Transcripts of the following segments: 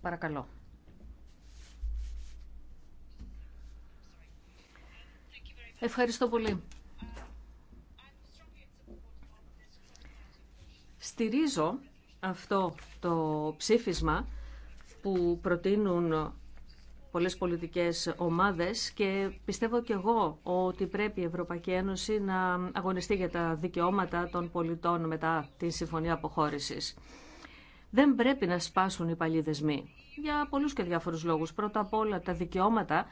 Παρακαλώ. Ευχαριστώ πολύ. Στηρίζω αυτό το ψήφισμα που προτείνουν πολλές πολιτικές ομάδες και πιστεύω και εγώ ότι πρέπει η Ευρωπαϊκή Ένωση να αγωνιστεί για τα δικαιώματα των πολιτών μετά τη Συμφωνία Αποχώρησης δεν πρέπει να σπάσουν οι παλιοί δεσμοί. Για πολλούς και διάφορους λόγους. Πρώτα απ' όλα τα δικαιώματα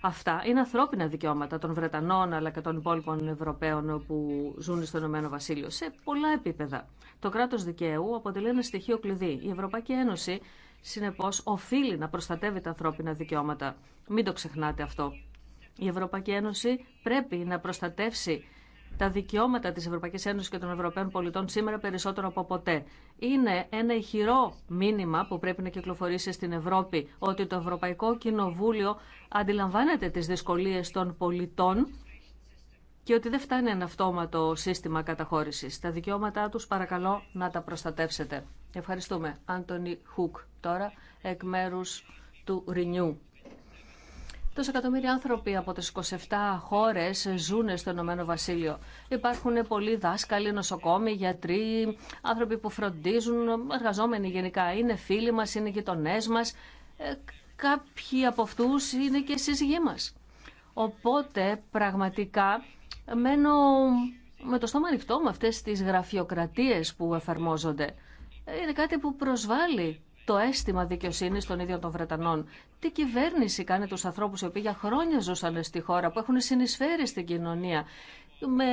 αυτά είναι ανθρώπινα δικαιώματα των Βρετανών αλλά και των υπόλοιπων Ευρωπαίων που ζουν στο Ηνωμένο Βασίλειο σε πολλά επίπεδα. Το κράτος δικαίου αποτελεί ένα στοιχείο κλειδί. Η Ευρωπαϊκή Ένωση συνεπώς οφείλει να προστατεύει τα ανθρώπινα δικαιώματα. Μην το ξεχνάτε αυτό. Η Ευρωπαϊκή Ένωση πρέπει να προστατεύσει τα δικαιώματα της Ευρωπαϊκής Ένωσης και των Ευρωπαίων πολιτών σήμερα περισσότερο από ποτέ. Είναι ένα ηχηρό μήνυμα που πρέπει να κυκλοφορήσει στην Ευρώπη ότι το Ευρωπαϊκό Κοινοβούλιο αντιλαμβάνεται τις δυσκολίες των πολιτών και ότι δεν φτάνει ένα αυτόματο σύστημα καταχώρησης. Τα δικαιώματά τους παρακαλώ να τα προστατεύσετε. Ευχαριστούμε. Χουκ τώρα εκ του Renew. Τόσα εκατομμύρια άνθρωποι από τις 27 χώρες ζουν στο Ηνωμένο Βασίλειο. Υπάρχουν πολλοί δάσκαλοι, νοσοκόμοι, γιατροί, άνθρωποι που φροντίζουν, εργαζόμενοι γενικά. Είναι φίλοι μας, είναι γειτονέ μας. Ε, κάποιοι από αυτού είναι και σύζυγοί μας. Οπότε πραγματικά μένω με το στόμα ανοιχτό με αυτές τις γραφειοκρατίες που εφαρμόζονται. Ε, είναι κάτι που προσβάλλει το αίσθημα δικαιοσύνη των ίδιων των Βρετανών. Τι κυβέρνηση κάνει του ανθρώπου οι οποίοι για χρόνια ζούσαν στη χώρα, που έχουν συνεισφέρει στην κοινωνία, με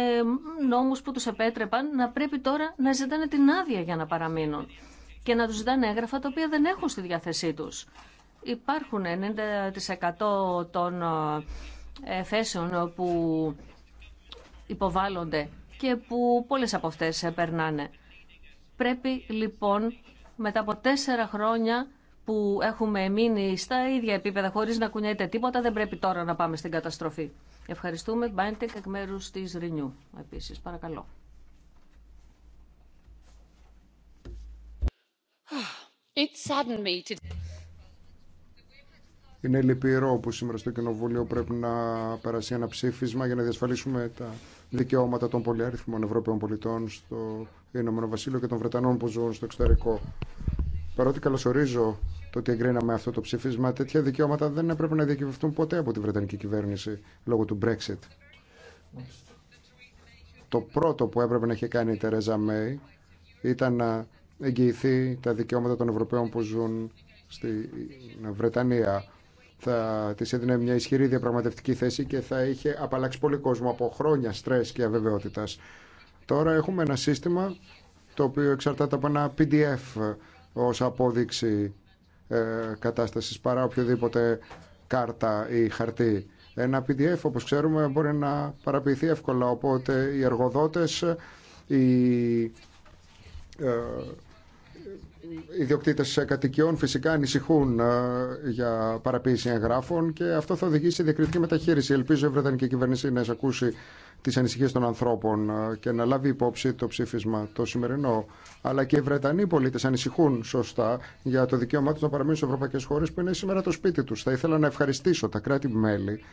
νόμου που του επέτρεπαν να πρέπει τώρα να ζητάνε την άδεια για να παραμείνουν και να του ζητάνε έγγραφα τα οποία δεν έχουν στη διάθεσή του. Υπάρχουν 90% των θέσεων ε, που υποβάλλονται και που πολλές από αυτές ε, περνάνε. Πρέπει λοιπόν μετά από τέσσερα χρόνια που έχουμε μείνει στα ίδια επίπεδα χωρίς να κουνιέται τίποτα, δεν πρέπει τώρα να πάμε στην καταστροφή. Ευχαριστούμε. Μπάιντεκ εκ μέρου της Ρινιού επίσης. Παρακαλώ. Είναι λυπηρό που σήμερα στο Κοινοβούλιο πρέπει να περάσει ένα ψήφισμα για να διασφαλίσουμε τα δικαιώματα των πολυάριθμων Ευρωπαίων πολιτών στο Ηνωμένο Βασίλειο και των Βρετανών που ζουν στο εξωτερικό. Παρότι καλωσορίζω το ότι εγκρίναμε αυτό το ψήφισμα, τέτοια δικαιώματα δεν έπρεπε να διακυβευτούν ποτέ από τη Βρετανική κυβέρνηση λόγω του Brexit. Το πρώτο που έπρεπε να είχε κάνει η Τερέζα Μέη ήταν να εγγυηθεί τα δικαιώματα των Ευρωπαίων που ζουν στη Βρετανία. Θα τη έδινε μια ισχυρή διαπραγματευτική θέση και θα είχε απαλλάξει πολύ κόσμο από χρόνια στρε και αβεβαιότητα. Τώρα έχουμε ένα σύστημα το οποίο εξαρτάται από ένα PDF ως απόδειξη ε, κατάστασης παρά οποιοδήποτε κάρτα ή χαρτί. Ένα PDF, όπως ξέρουμε, μπορεί να παραποιηθεί εύκολα, οπότε οι εργοδότες, οι ε, ιδιοκτήτες κατοικιών φυσικά ανησυχούν ε, για παραποίηση εγγράφων και αυτό θα οδηγήσει σε διακριτική μεταχείριση. Ελπίζω η Βρετανική κυβέρνηση να παραποιηθει ευκολα οποτε οι εργοδοτες οι ιδιοκτητες κατοικιων φυσικα ανησυχουν για παραποιηση εγγραφων και αυτο θα οδηγησει διακριτικη μεταχειριση ελπιζω η βρετανικη κυβερνηση να εισακουσει τις ανησυχίες των ανθρώπων ε, και να λάβει υπόψη το ψήφισμα το σημερινό. Αλλά και οι Βρετανοί πολίτε ανησυχούν σωστά για το δικαίωμά τους να παραμείνουν σε ευρωπαϊκέ χώρες που είναι σήμερα το σπίτι του. Θα ήθελα να ευχαριστήσω τα κράτη-μέλη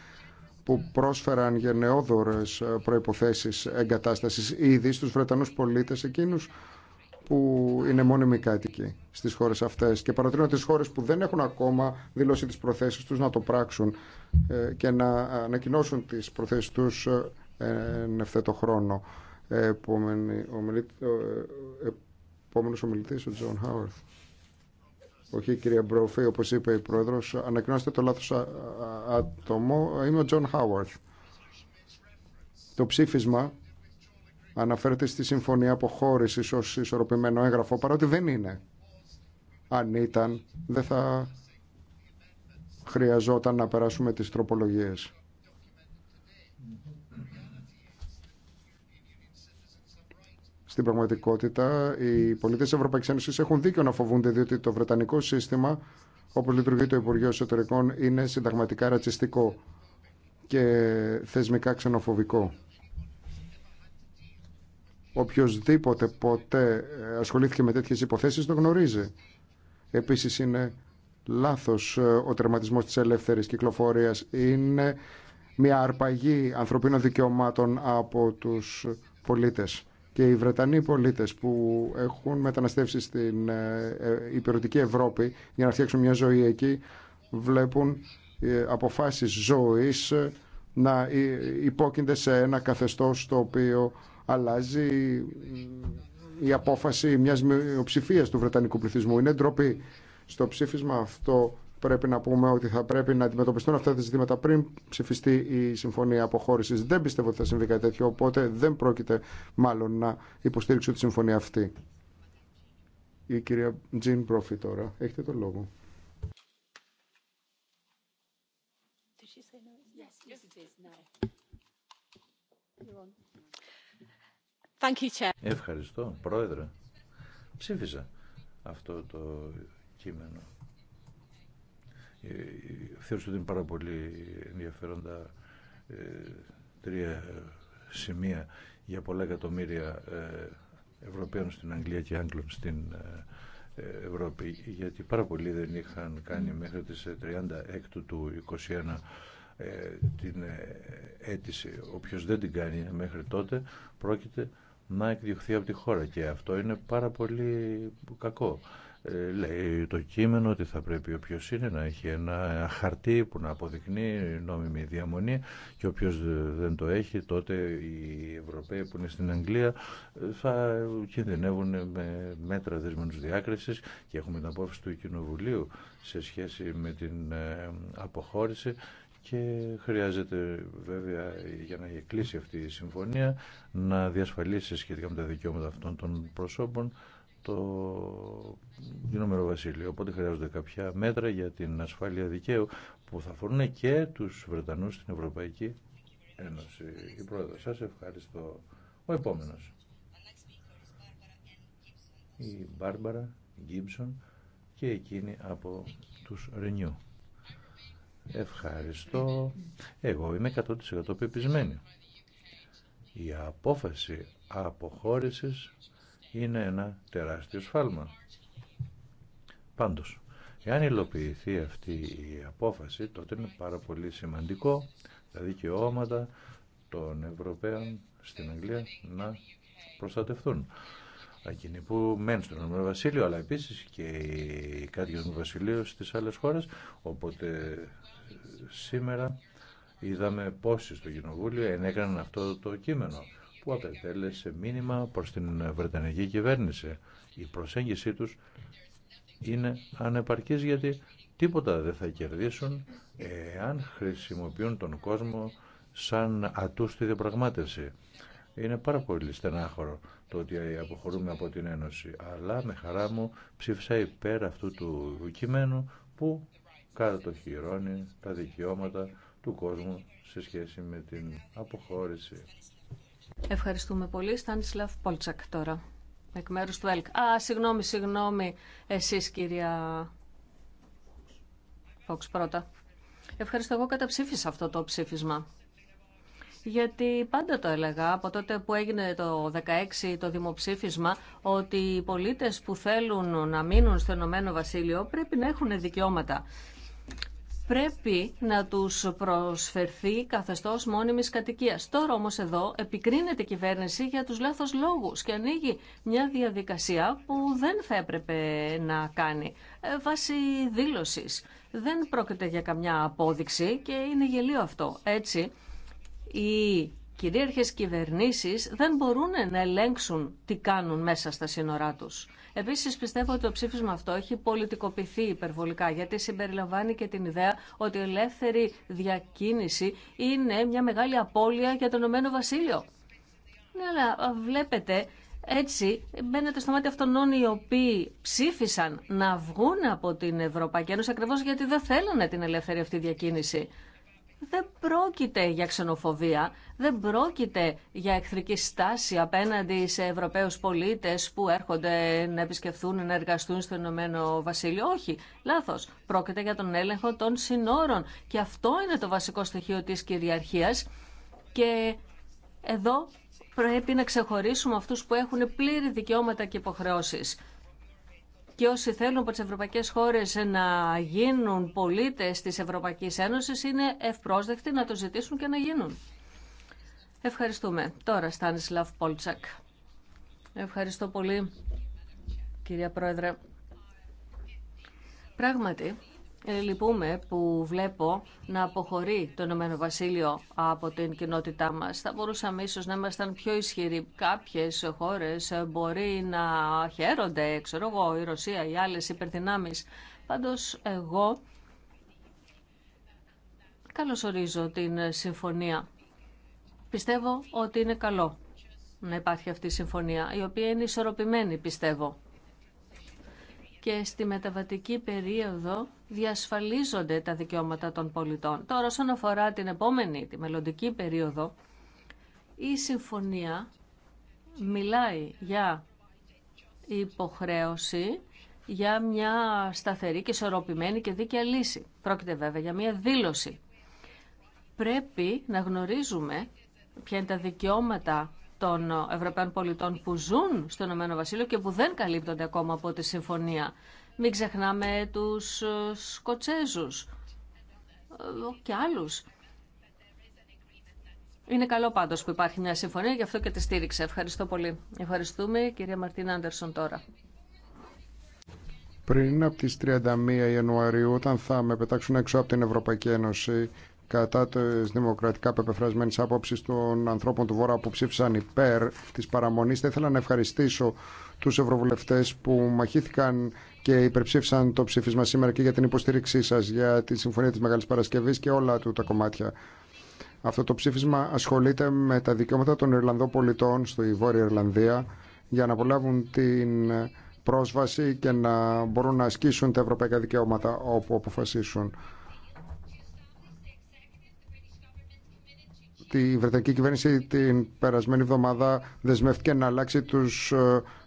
που πρόσφεραν γενναιόδορε ε, προϋποθέσεις εγκατάσταση, ήδη στους Βρετανού πολίτε εκείνους που είναι μόνιμοι κάτοικοι στι χώρε αυτέ και παροτρύνω τι χώρε που δεν έχουν ακόμα δηλώσει τι προθέσει του να το πράξουν ε, και να ανακοινώσουν τι προθέσει του εν ευθέτω χρόνο. Επόμενη, ε, ομιλητή, ο Τζον Χάουαρθ. Όχι, κυρία Μπρόφη, όπω είπε η πρόεδρο, ανακοινώστε το λάθο άτομο. Είμαι ο Τζον Χάουαρθ. Το ψήφισμα αναφέρεται στη συμφωνία αποχώρηση ω ισορροπημένο έγγραφο, παρότι δεν είναι. Αν ήταν, δεν θα χρειαζόταν να περάσουμε τις τροπολογίες. Στην πραγματικότητα, οι πολίτε τη Ευρωπαϊκή Ένωση έχουν δίκιο να φοβούνται, διότι το βρετανικό σύστημα, όπω λειτουργεί το Υπουργείο Εσωτερικών, είναι συνταγματικά ρατσιστικό και θεσμικά ξενοφοβικό. Οποιοδήποτε ποτέ ασχολήθηκε με τέτοιες υποθέσεις το γνωρίζει. Επίσης είναι λάθος ε, ο τερματισμός τη ελεύθερη κυκλοφορία Είναι μια αρπαγή ανθρωπίνων δικαιωμάτων από τους πολίτες και οι Βρετανοί πολίτες που έχουν μεταναστεύσει στην ε, ε, υπηρετική Ευρώπη για να φτιάξουν μια ζωή εκεί βλέπουν ε, αποφάσεις ζωής να υπόκεινται σε ένα καθεστώς το οποίο αλλάζει η απόφαση μιας ψηφίας του Βρετανικού πληθυσμού. Είναι ντροπή. Στο ψήφισμα αυτό πρέπει να πούμε ότι θα πρέπει να αντιμετωπιστούν αυτά τα ζητήματα πριν ψηφιστεί η συμφωνία αποχώρηση. Δεν πιστεύω ότι θα συμβεί κάτι τέτοιο, οπότε δεν πρόκειται μάλλον να υποστήριξω τη συμφωνία αυτή. Η κυρία Τζιν Πρόφη τώρα. Έχετε τον λόγο. Ευχαριστώ, Πρόεδρε. Ψήφισα αυτό το κείμενο ε, Θεωρώ ότι είναι πάρα πολύ ενδιαφέροντα ε, τρία ε, σημεία για πολλά εκατομμύρια Ευρωπαίων στην Αγγλία και Άγγλων στην Ευρώπη γιατί πάρα πολλοί δεν είχαν κάνει μέχρι τις 36 του 21 την αίτηση. Όποιος δεν την κάνει μέχρι τότε πρόκειται να εκδιωχθεί από τη χώρα και αυτό είναι πάρα πολύ κακό. Ε, λέει το κείμενο ότι θα πρέπει όποιο είναι να έχει ένα χαρτί που να αποδεικνύει νόμιμη διαμονή και όποιος δεν το έχει τότε οι Ευρωπαίοι που είναι στην Αγγλία ε, θα κινδυνεύουν με μέτρα δεσμένους διάκρισης και έχουμε την απόφαση του Κοινοβουλίου σε σχέση με την ε, αποχώρηση και χρειάζεται βέβαια για να κλείσει αυτή η συμφωνία να διασφαλίσει σχετικά με τα δικαιώματα αυτών των προσώπων το Ινωμένο Βασίλειο. Οπότε χρειάζονται κάποια μέτρα για την ασφάλεια δικαίου που θα αφορούν και τους Βρετανούς στην Ευρωπαϊκή Ένωση. Η πρόεδρο, σας ευχαριστώ. Ο επόμενος. Η Μπάρμπαρα Γκίμψον και εκείνη από τους Ρενιού. Ευχαριστώ. Εγώ είμαι 100% πεπισμένη. Η απόφαση αποχώρησης είναι ένα τεράστιο σφάλμα. Πάντως, εάν υλοποιηθεί αυτή η απόφαση, τότε είναι πάρα πολύ σημαντικό τα δικαιώματα των Ευρωπαίων στην Αγγλία να προστατευτούν. Εκείνοι που μένουν στον Βασίλειο, αλλά επίση και οι κάτοικοι του Βασιλείου στις άλλες χώρες, οπότε σήμερα είδαμε πόσοι στο Κοινοβούλιο ενέκραναν αυτό το κείμενο που απετέλεσε μήνυμα προς την Βρετανική κυβέρνηση. Η προσέγγιση τους είναι ανεπαρκής γιατί τίποτα δεν θα κερδίσουν αν χρησιμοποιούν τον κόσμο σαν ατούστη στη διαπραγμάτευση. Είναι πάρα πολύ στενάχωρο το ότι αποχωρούμε από την Ένωση, αλλά με χαρά μου ψήφισα υπέρ αυτού του κειμένου που κατοχυρώνει τα δικαιώματα του κόσμου σε σχέση με την αποχώρηση. Ευχαριστούμε πολύ. Στάνισλαφ Πόλτσακ τώρα, εκ μέρου του ΕΛΚ. Α, συγγνώμη, συγγνώμη, εσείς κυρία Φόξ πρώτα. Ευχαριστώ, εγώ καταψήφισα αυτό το ψήφισμα. Γιατί πάντα το έλεγα από τότε που έγινε το 16 το δημοψήφισμα ότι οι πολίτες που θέλουν να μείνουν στο Ενωμένο Βασίλειο πρέπει να έχουν δικαιώματα πρέπει να τους προσφερθεί καθεστώς μόνιμης κατοικίας. Τώρα όμως εδώ επικρίνεται η κυβέρνηση για τους λάθος λόγους και ανοίγει μια διαδικασία που δεν θα έπρεπε να κάνει ε, βάσει δήλωσης. Δεν πρόκειται για καμιά απόδειξη και είναι γελίο αυτό. Έτσι, η κυρίαρχες κυβερνήσεις δεν μπορούν να ελέγξουν τι κάνουν μέσα στα σύνορά τους. Επίσης πιστεύω ότι το ψήφισμα αυτό έχει πολιτικοποιηθεί υπερβολικά γιατί συμπεριλαμβάνει και την ιδέα ότι η ελεύθερη διακίνηση είναι μια μεγάλη απώλεια για το Ηνωμένο Βασίλειο. Ναι, αλλά βλέπετε έτσι μπαίνετε στο μάτι αυτών οι οποίοι ψήφισαν να βγουν από την Ευρωπαϊκή Ένωση ακριβώς γιατί δεν θέλουν την ελεύθερη αυτή διακίνηση δεν πρόκειται για ξενοφοβία, δεν πρόκειται για εχθρική στάση απέναντι σε Ευρωπαίους πολίτες που έρχονται να επισκεφθούν, να εργαστούν στο Ηνωμένο Βασίλειο. Όχι, λάθος. Πρόκειται για τον έλεγχο των συνόρων. Και αυτό είναι το βασικό στοιχείο της κυριαρχίας. Και εδώ πρέπει να ξεχωρίσουμε αυτούς που έχουν πλήρη δικαιώματα και υποχρεώσεις και όσοι θέλουν από τις ευρωπαϊκές χώρες να γίνουν πολίτες της Ευρωπαϊκής Ένωσης είναι ευπρόσδεκτοι να το ζητήσουν και να γίνουν. Ευχαριστούμε. Τώρα Στάνισλαβ Πόλτσακ. Ευχαριστώ πολύ, κυρία Πρόεδρε. Πράγματι, ε, λυπούμε που βλέπω να αποχωρεί το Ηνωμένο Βασίλειο από την κοινότητά μας. Θα μπορούσαμε ίσω να ήμασταν πιο ισχυροί. Κάποιες χώρες μπορεί να χαίρονται, ξέρω εγώ, η Ρωσία, οι άλλε υπερδυνάμει. Πάντω εγώ καλωσορίζω την συμφωνία. Πιστεύω ότι είναι καλό να υπάρχει αυτή η συμφωνία, η οποία είναι ισορροπημένη, πιστεύω και στη μεταβατική περίοδο διασφαλίζονται τα δικαιώματα των πολιτών. Τώρα, όσον αφορά την επόμενη, τη μελλοντική περίοδο, η συμφωνία μιλάει για υποχρέωση για μια σταθερή και ισορροπημένη και δίκαια λύση. Πρόκειται βέβαια για μια δήλωση. Πρέπει να γνωρίζουμε ποια είναι τα δικαιώματα των Ευρωπαίων πολιτών που ζουν στο Ηνωμένο Βασίλειο και που δεν καλύπτονται ακόμα από τη συμφωνία. Μην ξεχνάμε τους ε, Σκοτσέζους ε, και άλλους. Είναι καλό πάντως που υπάρχει μια συμφωνία, γι' αυτό και τη στήριξε. Ευχαριστώ πολύ. Ευχαριστούμε κυρία Μαρτίνα Άντερσον τώρα. Πριν από τις 31 Ιανουαρίου, όταν θα με πετάξουν έξω από την Ευρωπαϊκή Ένωση, κατά τι δημοκρατικά πεπεφρασμένε άποψει των ανθρώπων του Βορρά που ψήφισαν υπέρ τη παραμονή. Θα ήθελα να ευχαριστήσω του ευρωβουλευτέ που μαχήθηκαν και υπερψήφισαν το ψήφισμα σήμερα και για την υποστήριξή σα για τη Συμφωνία τη Μεγάλη Παρασκευή και όλα του τα κομμάτια. Αυτό το ψήφισμα ασχολείται με τα δικαιώματα των Ιρλανδών πολιτών στη Βόρεια Ιρλανδία για να απολαύουν την πρόσβαση και να μπορούν να ασκήσουν τα ευρωπαϊκά δικαιώματα όπου αποφασίσουν. Η Βρετανική κυβέρνηση την περασμένη εβδομάδα δεσμεύτηκε να αλλάξει τους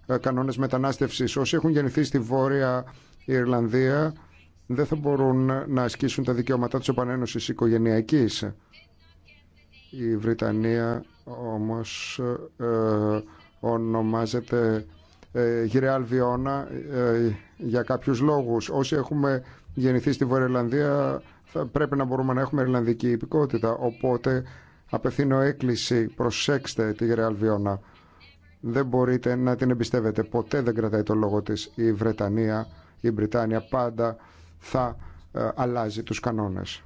ε, κανόνες μετανάστευσης. Όσοι έχουν γεννηθεί στη Βόρεια Ιρλανδία δεν θα μπορούν να ασκήσουν τα δικαιώματά τους επανένωση οικογενειακή. Η Βρετανία όμως ε, ονομάζεται ε, ε, για κάποιους λόγους. Όσοι έχουμε γεννηθεί στη βορεια θα πρέπει να μπορούμε να έχουμε Ιρλανδική υπηκότητα. Οπότε Απευθύνω έκκληση, προσέξτε τη Ρεάλ Βιώνα. Δεν μπορείτε να την εμπιστεύετε. Ποτέ δεν κρατάει το λόγο της η Βρετανία, η Βρετάνια πάντα θα ε, αλλάζει τους κανόνες.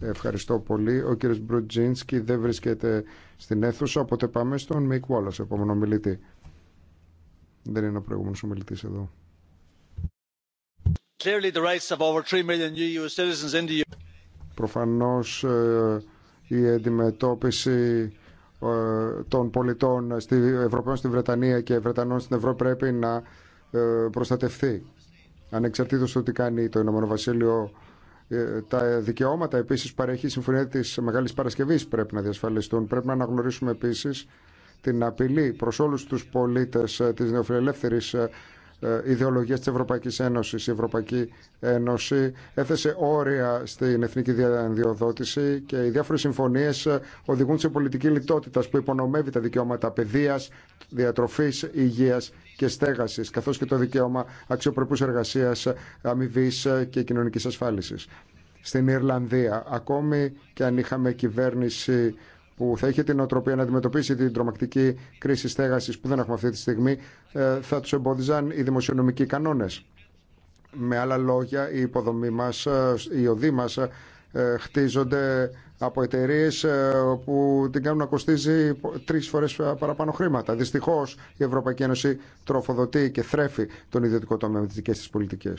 Ευχαριστώ πολύ. Ο κύριος Μπρουτζίνσκι δεν βρίσκεται στην αίθουσα, οπότε πάμε στον Μικ Βόλας, επόμενο μιλητή. Δεν είναι ο προηγούμενος ομιλητής εδώ. Προφανώς ε, η αντιμετώπιση ε, των πολιτών στη, Ευρωπαίων στη Βρετανία και Βρετανών στην Ευρώπη πρέπει να ε, προστατευτεί. Ανεξαρτήτως του τι κάνει το Ηνωμένο Βασίλειο, ε, τα δικαιώματα επίσης παρέχει η Συμφωνία της Μεγάλης Παρασκευής πρέπει να διασφαλιστούν. Πρέπει να αναγνωρίσουμε επίσης την απειλή προς όλους τους πολίτες της νεοφιλελεύθερης ε, Ιδεολογία της Ευρωπαϊκής Ένωσης. Η Ευρωπαϊκή Ένωση έθεσε όρια στην εθνική διαδιοδότηση και οι διάφορες συμφωνίες ε, οδηγούν σε πολιτική λιτότητα που υπονομεύει τα δικαιώματα παιδείας, διατροφής, υγείας και στέγασης, καθώς και το δικαίωμα αξιοπρεπούς εργασίας, αμοιβή ε, και κοινωνικής ασφάλισης. Στην Ιρλανδία, ακόμη και αν είχαμε κυβέρνηση που θα είχε την οτροπία να αντιμετωπίσει την τρομακτική κρίση στέγασης που δεν έχουμε αυτή τη στιγμή, ε, θα του εμπόδιζαν οι δημοσιονομικοί κανόνες. Με άλλα λόγια, η υποδομή μας, ε, οι οδοί μα, ε, χτίζονται από εταιρείε που την κάνουν να κοστίζει τρει φορέ παραπάνω χρήματα. Δυστυχώ η Ευρωπαϊκή Ένωση τροφοδοτεί και θρέφει τον ιδιωτικό τομέα με τι δικέ τη πολιτικέ.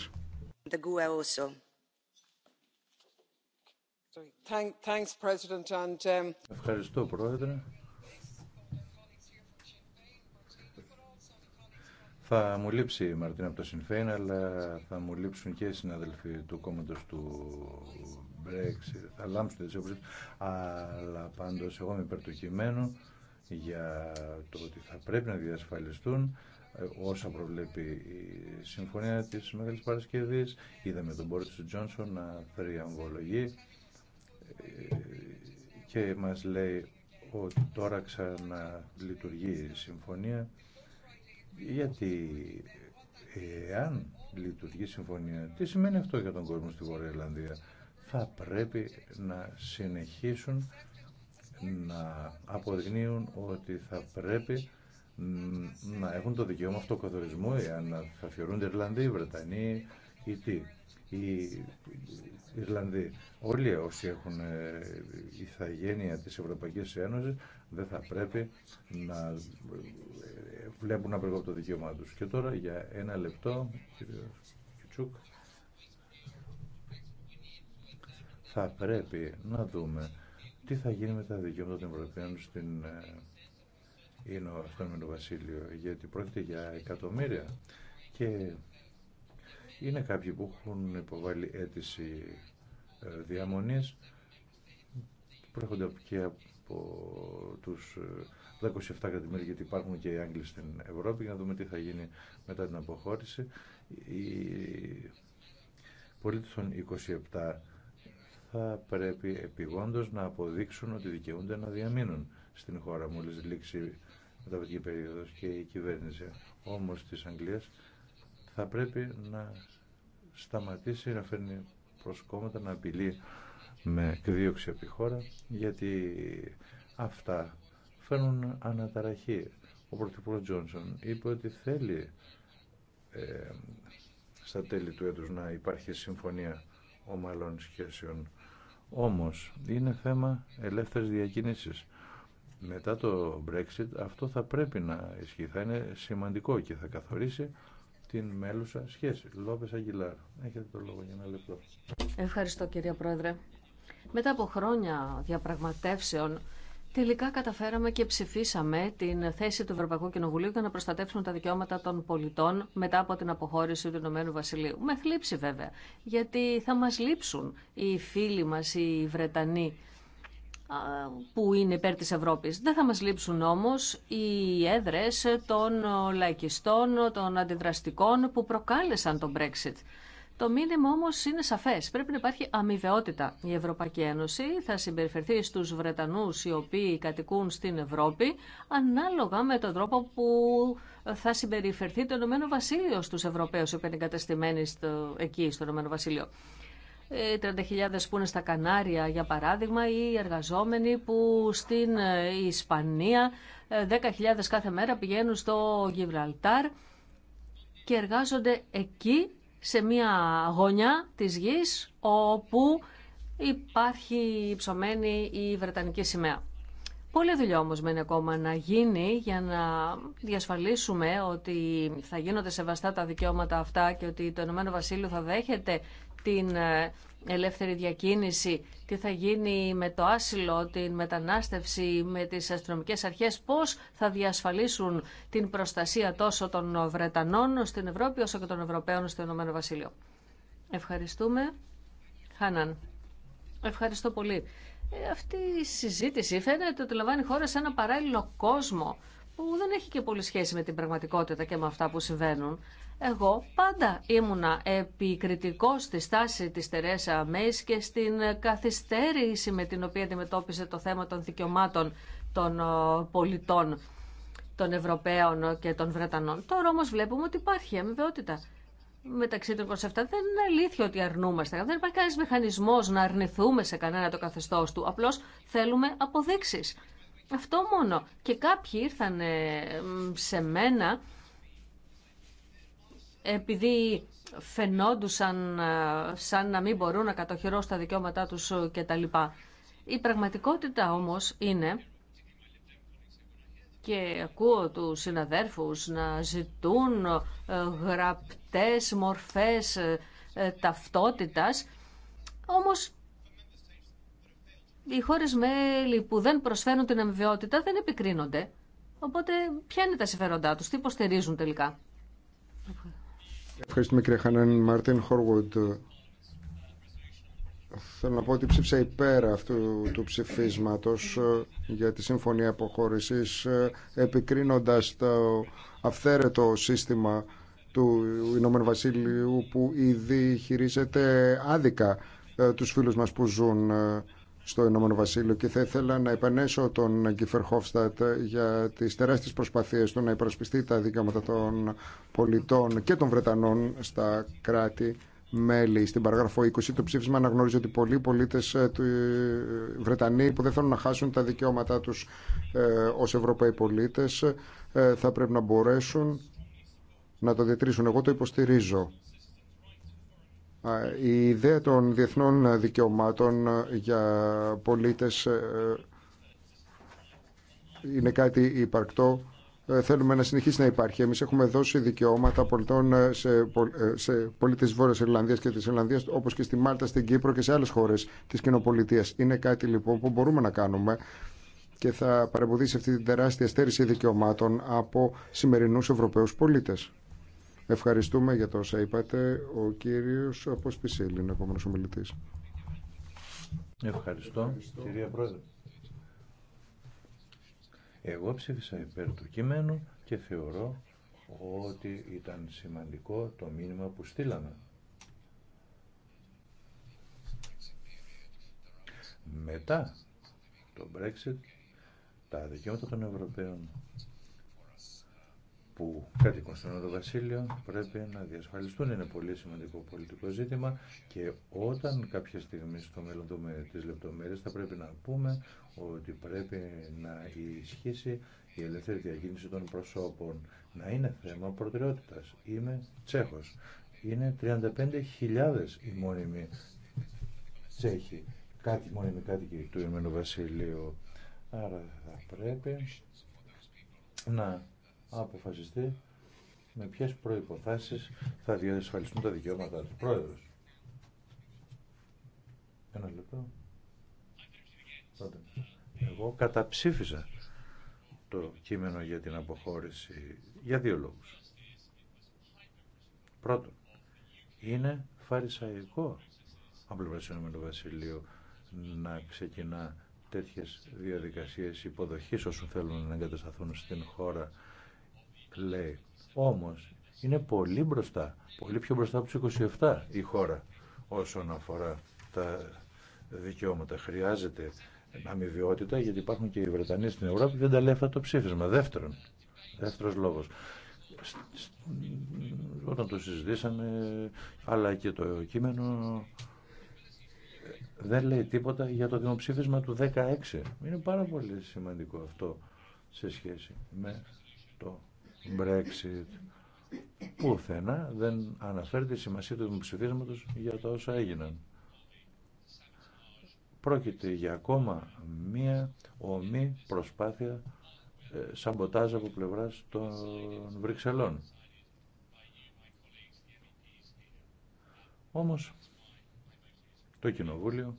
Um, Ευχαριστώ, Πρόεδρε. Θα μου λείψει η Μαρτίνα από το Συνφέιν, αλλά θα μου λείψουν και οι συναδελφοί του κόμματος του Brexit. Θα λάμψουν τις αλλά πάντως εγώ είμαι υπέρ για το ότι θα πρέπει να διασφαλιστούν ε, όσα προβλέπει η Συμφωνία της Μεγάλης Παρασκευής. Είδαμε τον Μπόρις του Τζόνσον να θριαμβολογεί και μας λέει ότι τώρα ξανά η συμφωνία γιατί εάν λειτουργεί η συμφωνία τι σημαίνει αυτό για τον κόσμο στη Βόρεια Ιρλανδία θα πρέπει να συνεχίσουν να αποδεικνύουν ότι θα πρέπει να έχουν το δικαίωμα αυτοκαθορισμού εάν θα φιωρούνται Ιρλανδοί, Βρετανοί ή τι οι Ιρλανδοί. Όλοι όσοι έχουν ε, ηθαγένεια της Ευρωπαϊκής Ένωσης δεν θα πρέπει να ε, βλέπουν να το δικαίωμά τους. Και τώρα για ένα λεπτό, κύριε Κιτσούκ, θα πρέπει να δούμε τι θα γίνει με τα δικαιώματα των Ευρωπαίων στην είναι στον Βασίλειο, γιατί πρόκειται για εκατομμύρια και είναι κάποιοι που έχουν υποβάλει αίτηση ε, διαμονής, προέρχονται και από τους 27 ε, κρατημέρια, γιατί υπάρχουν και οι Άγγλοι στην Ευρώπη, για να δούμε τι θα γίνει μετά την αποχώρηση. Οι πολίτες των 27 θα πρέπει επιγόντως να αποδείξουν ότι δικαιούνται να διαμείνουν στην χώρα μόλις λήξει μεταβατική περίοδος και η κυβέρνηση όμως της Αγγλίας θα πρέπει να σταματήσει να φέρνει προσκόμματα, να απειλεί με εκδίωξη από τη χώρα, γιατί αυτά φέρνουν αναταραχή. Ο Πρωθυπουργός Τζόνσον είπε ότι θέλει ε, στα τέλη του έτους να υπάρχει συμφωνία ομαλών σχέσεων. Όμως είναι θέμα ελεύθερης διακίνησης. Μετά το Brexit αυτό θα πρέπει να ισχύει, θα είναι σημαντικό και θα καθορίσει την μέλουσα σχέση. Λόπε Αγγιλάρ. Έχετε το λόγο για ένα λεπτό. Ευχαριστώ κυρία Πρόεδρε. Μετά από χρόνια διαπραγματεύσεων, τελικά καταφέραμε και ψηφίσαμε την θέση του Ευρωπαϊκού Κοινοβουλίου για να προστατεύσουμε τα δικαιώματα των πολιτών μετά από την αποχώρηση του Ηνωμένου Βασιλείου. Με θλίψη βέβαια, γιατί θα μας λείψουν οι φίλοι μας οι Βρετανοί που είναι υπέρ της Ευρώπης. Δεν θα μας λείψουν όμως οι έδρες των λαϊκιστών, των αντιδραστικών που προκάλεσαν τον Brexit. Το μήνυμα όμως είναι σαφές. Πρέπει να υπάρχει αμοιβαιότητα. Η Ευρωπαϊκή Ένωση θα συμπεριφερθεί στους Βρετανούς οι οποίοι κατοικούν στην Ευρώπη ανάλογα με τον τρόπο που θα συμπεριφερθεί το Ηνωμένο Βασίλειο στους Ευρωπαίους οι οποίοι είναι εγκαταστημένοι εκεί στο Ηνωμένο Βασίλειο. 30.000 ε, που είναι στα Κανάρια για παράδειγμα ή οι εργαζόμενοι που στην ε, Ισπανία 10.000 ε, κάθε μέρα πηγαίνουν στο Γιβραλτάρ και εργάζονται εκεί σε μια γωνιά της γης όπου υπάρχει ψωμένη η Βρετανική σημαία. Πολλή δουλειά όμως μένει ακόμα να γίνει για να διασφαλίσουμε ότι θα γίνονται σεβαστά τα δικαιώματα αυτά και ότι το Ηνωμένο Βασίλειο θα δέχεται την ε, ελεύθερη διακίνηση, τι θα γίνει με το άσυλο, την μετανάστευση, με τις αστυνομικές αρχές, πώς θα διασφαλίσουν την προστασία τόσο των Βρετανών στην Ευρώπη όσο και των Ευρωπαίων στο Ηνωμένο Βασίλειο. Ευχαριστούμε. Χάναν. Ευχαριστώ πολύ. Ε, αυτή η συζήτηση φαίνεται ότι λαμβάνει χώρα σε ένα παράλληλο κόσμο που δεν έχει και πολύ σχέση με την πραγματικότητα και με αυτά που συμβαίνουν. Εγώ πάντα ήμουνα επικριτικό στη στάση της Τερέσα Μέης και στην καθυστέρηση με την οποία αντιμετώπιζε το θέμα των δικαιωμάτων των ε, πολιτών, των Ευρωπαίων και των Βρετανών. Τώρα όμως βλέπουμε ότι υπάρχει αμοιβαιότητα μεταξύ των 27. Δεν είναι αλήθεια ότι αρνούμαστε. Δεν υπάρχει κανένα μηχανισμός να αρνηθούμε σε κανένα το καθεστώς του. Απλώς θέλουμε αποδείξεις. Αυτό μόνο. Και κάποιοι ήρθαν σε μένα επειδή φαινόντουσαν ε, σαν να μην μπορούν να κατοχυρώσουν τα δικαιώματά τους ε, κτλ. Η πραγματικότητα όμως είναι και ακούω του συναδέρφους να ζητούν ε, γραπτές μορφές ταυτότητας, όμως οι χώρες μέλη που δεν προσφέρουν την αμοιβαιότητα δεν επικρίνονται. Οπότε ποια είναι τα συμφέροντά τους, τι υποστηρίζουν τελικά. Ευχαριστούμε κύριε Χανέν. Μαρτίν Χόρουντ. Θέλω να πω ότι ψήφισα υπέρ αυτού του ψηφίσματος ε, για τη Συμφωνία Αποχώρησης ε, επικρίνοντας το αυθαίρετο σύστημα του Ηνωμένου Βασίλειου που ήδη χειρίζεται άδικα ε, τους φίλους μας που ζουν στο Ηνωμένο Βασίλειο και θα ήθελα να επανέσω τον Κίφερ Χόφστατ για τις τεράστιες προσπαθίες του να υπερασπιστεί τα δικαιώματα των πολιτών και των Βρετανών στα κράτη μέλη. Στην παράγραφο 20 το ψήφισμα αναγνωρίζει ότι πολλοί πολίτε ε, του ε, Βρετανοί που δεν θέλουν να χάσουν τα δικαιώματά του ε, ω Ευρωπαίοι πολίτε θα πρέπει να μπορέσουν να το διατηρήσουν. Εγώ το υποστηρίζω. Η ιδέα των διεθνών δικαιωμάτων για πολίτες ε, είναι κάτι υπαρκτό. Ε, θέλουμε να συνεχίσει να υπάρχει. Εμείς έχουμε δώσει δικαιώματα πολιτών ε, σε, σε πολίτες της Βόρειας Ιρλανδίας και της Ιρλανδίας, όπως και στη Μάλτα, στην Κύπρο και σε άλλες χώρες της κοινοπολιτείας. Είναι κάτι λοιπόν που μπορούμε να κάνουμε και θα παρεμποδίσει αυτή την τεράστια στέρηση δικαιωμάτων από σημερινούς Ευρωπαίους πολίτες. Ευχαριστούμε για το όσα είπατε. Ο κύριος Αποσπισίλη είναι ο επόμενος ομιλητής. Ευχαριστώ, Ευχαριστώ, κυρία Πρόεδρε. Εγώ ψήφισα υπέρ του κειμένου και θεωρώ ότι ήταν σημαντικό το μήνυμα που στείλαμε. Μετά το Brexit, τα δικαιώματα των Ευρωπαίων που κατοικούν στον Ηνωμένο Βασίλειο πρέπει να διασφαλιστούν. Είναι πολύ σημαντικό πολιτικό ζήτημα και όταν κάποια στιγμή στο μέλλον δούμε τι λεπτομέρειε, θα πρέπει να πούμε ότι πρέπει να ισχύσει η ελεύθερη διακίνηση των προσώπων. Να είναι θέμα προτεραιότητα. Είμαι Τσέχο. Είναι 35.000 οι μόνιμοι Τσέχοι, κάτι μόνιμοι κάτοικοι του Ιωμένου Βασιλείου. Άρα θα πρέπει να αποφασιστεί με ποιε προϋποθέσεις θα διασφαλιστούν τα δικαιώματα του. πρόεδρου. Ένα λεπτό. Εγώ καταψήφισα το κείμενο για την αποχώρηση για δύο λόγους. Πρώτον, είναι φαρισαϊκό από το Βασιλείο να ξεκινά τέτοιες διαδικασίες υποδοχής όσων θέλουν να εγκατασταθούν στην χώρα λέει. Όμως είναι πολύ μπροστά, πολύ πιο μπροστά από τους 27 η χώρα όσον αφορά τα δικαιώματα. Χρειάζεται αμοιβιότητα γιατί υπάρχουν και οι Βρετανοί στην Ευρώπη δεν τα λέει αυτά το ψήφισμα. Δεύτερον, δεύτερος λόγος. Όταν το συζητήσαμε, αλλά και το κείμενο δεν λέει τίποτα για το δημοψήφισμα του 16. Είναι πάρα πολύ σημαντικό αυτό σε σχέση με το Brexit. Πουθενά δεν αναφέρεται η σημασία του δημοψηφίσματος για τα όσα έγιναν. Πρόκειται για ακόμα μία ομή προσπάθεια ε, σαμποτάζ από πλευράς των Βρυξελών. Όμως το Κοινοβούλιο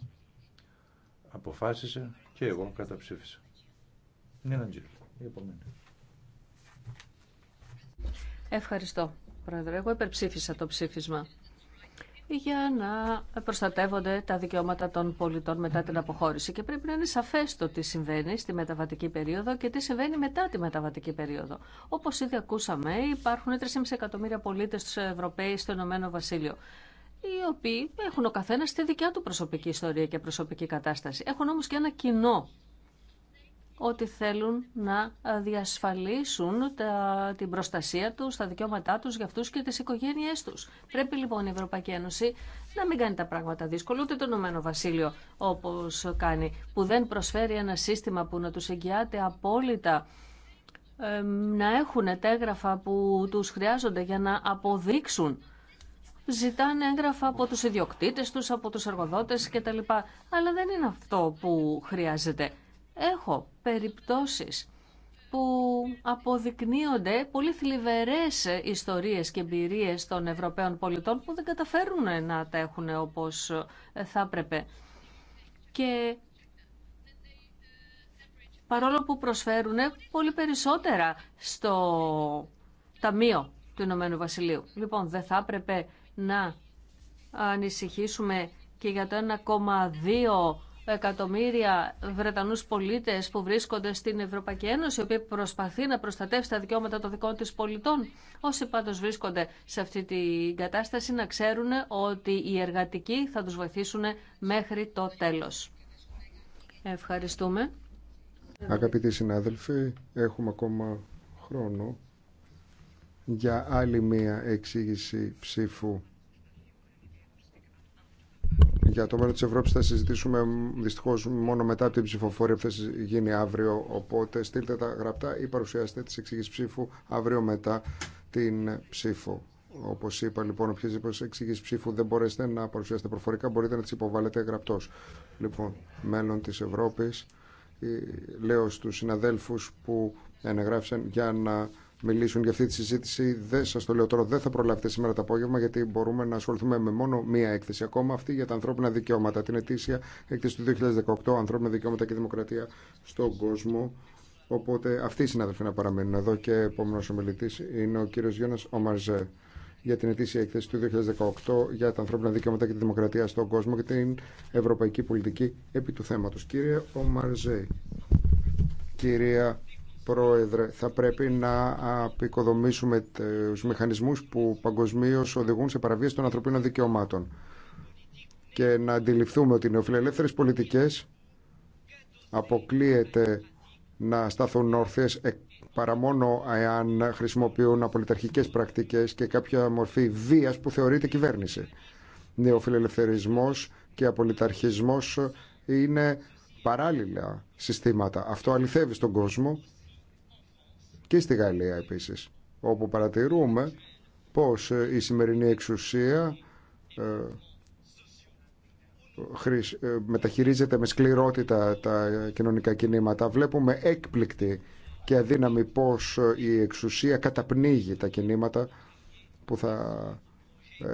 αποφάσισε και εγώ καταψήφισα. Νίνα η επόμενη. Ευχαριστώ, Πρόεδρε. Εγώ υπερψήφισα το ψήφισμα για να προστατεύονται τα δικαιώματα των πολιτών μετά την αποχώρηση. Και πρέπει να είναι σαφέ το τι συμβαίνει στη μεταβατική περίοδο και τι συμβαίνει μετά τη μεταβατική περίοδο. Όπω ήδη ακούσαμε, υπάρχουν 3,5 εκατομμύρια πολίτε Ευρωπαίοι στο Ηνωμένο Βασίλειο οι οποίοι έχουν ο καθένας τη δικιά του προσωπική ιστορία και προσωπική κατάσταση. Έχουν όμως και ένα κοινό ότι θέλουν να διασφαλίσουν τα, την προστασία τους, τα δικαιώματά τους για αυτούς και τις οικογένειές τους. Πρέπει λοιπόν η Ευρωπαϊκή Ένωση να μην κάνει τα πράγματα δύσκολα, ούτε το Ηνωμένο Βασίλειο όπως κάνει, που δεν προσφέρει ένα σύστημα που να τους εγγυάται απόλυτα να έχουν τα έγγραφα που τους χρειάζονται για να αποδείξουν ζητάνε έγγραφα από τους ιδιοκτήτες τους, από τους εργοδότες κτλ. Αλλά δεν είναι αυτό που χρειάζεται έχω περιπτώσεις που αποδεικνύονται πολύ θλιβερές ιστορίες και εμπειρίες των Ευρωπαίων πολιτών που δεν καταφέρουν να τα έχουν όπως θα έπρεπε. Και παρόλο που προσφέρουν πολύ περισσότερα στο Ταμείο του Ηνωμένου Βασιλείου. Λοιπόν, δεν θα έπρεπε να ανησυχήσουμε και για το 1,2 εκατομμύρια Βρετανούς πολίτες που βρίσκονται στην Ευρωπαϊκή Ένωση, η οποία προσπαθεί να προστατεύσει τα δικαιώματα των δικών της πολιτών. Όσοι πάντως βρίσκονται σε αυτή την κατάσταση να ξέρουν ότι οι εργατικοί θα τους βοηθήσουν μέχρι το τέλος. Ευχαριστούμε. Αγαπητοί συνάδελφοι, έχουμε ακόμα χρόνο για άλλη μία εξήγηση ψήφου για το μέλλον της Ευρώπης θα συζητήσουμε δυστυχώς μόνο μετά από την ψηφοφορία που θα γίνει αύριο. Οπότε στείλτε τα γραπτά ή παρουσιάστε τις εξηγήσει ψήφου αύριο μετά την ψήφο. Όπω είπα, λοιπόν, όποιε εξηγήσει ψήφου δεν μπορέσετε να παρουσιάσετε προφορικά, μπορείτε να τι υποβάλλετε γραπτό. Λοιπόν, μέλλον τη Ευρώπη, ε, λέω στου συναδέλφου που ενεγράφησαν για να μιλήσουν για αυτή τη συζήτηση. Δεν σα το λέω τώρα, δεν θα προλάβετε σήμερα το απόγευμα, γιατί μπορούμε να ασχοληθούμε με μόνο μία έκθεση ακόμα, αυτή για τα ανθρώπινα δικαιώματα. Την ετήσια έκθεση του 2018, Ανθρώπινα δικαιώματα και δημοκρατία στον κόσμο. Οπότε αυτοί οι συνάδελφοι να παραμένουν εδώ και επόμενο ομιλητή είναι ο κύριο Γιώνα Ομαρζέ για την ετήσια έκθεση του 2018 για τα ανθρώπινα δικαιώματα και τη δημοκρατία στον κόσμο και την ευρωπαϊκή πολιτική επί του θέματος. Κύριε Ομαρζέ, κυρία Πρόεδρε, θα πρέπει να απεικοδομήσουμε τους μηχανισμούς που παγκοσμίω οδηγούν σε παραβίαση των ανθρωπίνων δικαιωμάτων και να αντιληφθούμε ότι οι νεοφιλελεύθερες πολιτικές αποκλείεται να σταθούν όρθιες ε, παρά μόνο εάν χρησιμοποιούν απολυταρχικές πρακτικές και κάποια μορφή βίας που θεωρείται κυβέρνηση. Νεοφιλελευθερισμός και απολυταρχισμός είναι παράλληλα συστήματα. Αυτό αληθεύει στον κόσμο και στη Γαλλία επίσης, όπου παρατηρούμε πως ε, η σημερινή εξουσία ε, ε, μεταχειρίζεται με σκληρότητα τα κοινωνικά κινήματα. Βλέπουμε έκπληκτη και αδύναμη πως η εξουσία καταπνίγει τα κινήματα που θα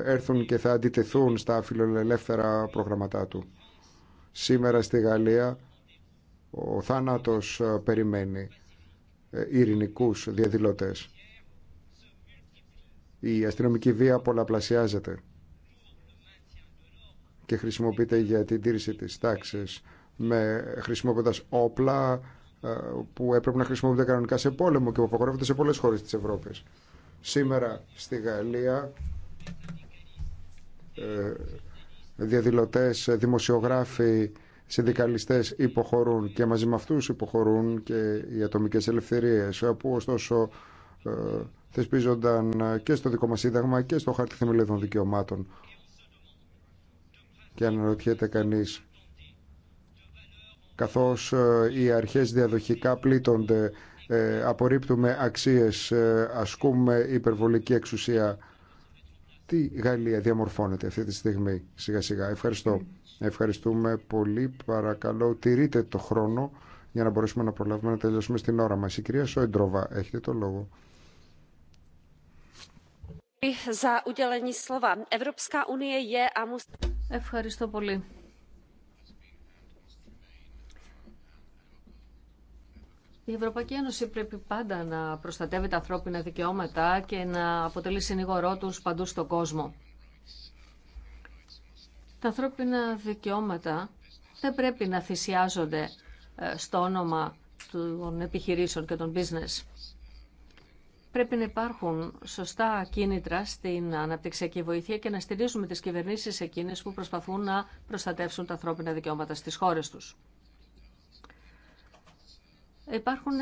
έρθουν και θα αντιτεθούν στα φιλελεύθερα προγραμματά του. Σήμερα στη Γαλλία ο θάνατος περιμένει ε, ειρηνικούς διαδηλωτές. Η αστυνομική βία πολλαπλασιάζεται και χρησιμοποιείται για την τήρηση της τάξης με χρησιμοποιώντας όπλα ε, που έπρεπε να χρησιμοποιούνται κανονικά σε πόλεμο και που απαγορεύονται σε πολλές χώρες της Ευρώπης. Σήμερα στη Γαλλία ε, διαδηλωτές, δημοσιογράφοι συνδικαλιστές υποχωρούν και μαζί με αυτούς υποχωρούν και οι ατομικές ελευθερίες που ωστόσο ε, θεσπίζονταν και στο δικό μας σύνταγμα και στο χάρτη θεμελιωδών δικαιωμάτων. Και αναρωτιέται κανείς καθώς ε, οι αρχές διαδοχικά πλήττονται, ε, απορρίπτουμε αξίες, ασκούμε υπερβολική εξουσία. Τι Γαλλία διαμορφώνεται αυτή τη στιγμή σιγά σιγά. Ευχαριστώ. Ευχαριστούμε πολύ. Παρακαλώ, τηρείτε το χρόνο για να μπορέσουμε να προλάβουμε να τελειώσουμε στην ώρα μας. Η κυρία Σόιντροβα, έχετε το λόγο. Ευχαριστώ πολύ. Η Ευρωπαϊκή Ένωση πρέπει πάντα να προστατεύει τα ανθρώπινα δικαιώματα και να αποτελεί συνήγορό τους παντού στον κόσμο. Τα ανθρώπινα δικαιώματα δεν πρέπει να θυσιάζονται ε, στο όνομα των επιχειρήσεων και των business. Πρέπει να υπάρχουν σωστά κίνητρα στην αναπτυξιακή βοήθεια και να στηρίζουμε τις κυβερνήσεις εκείνες που προσπαθούν να προστατεύσουν τα ανθρώπινα δικαιώματα στις χώρες τους. Υπάρχουν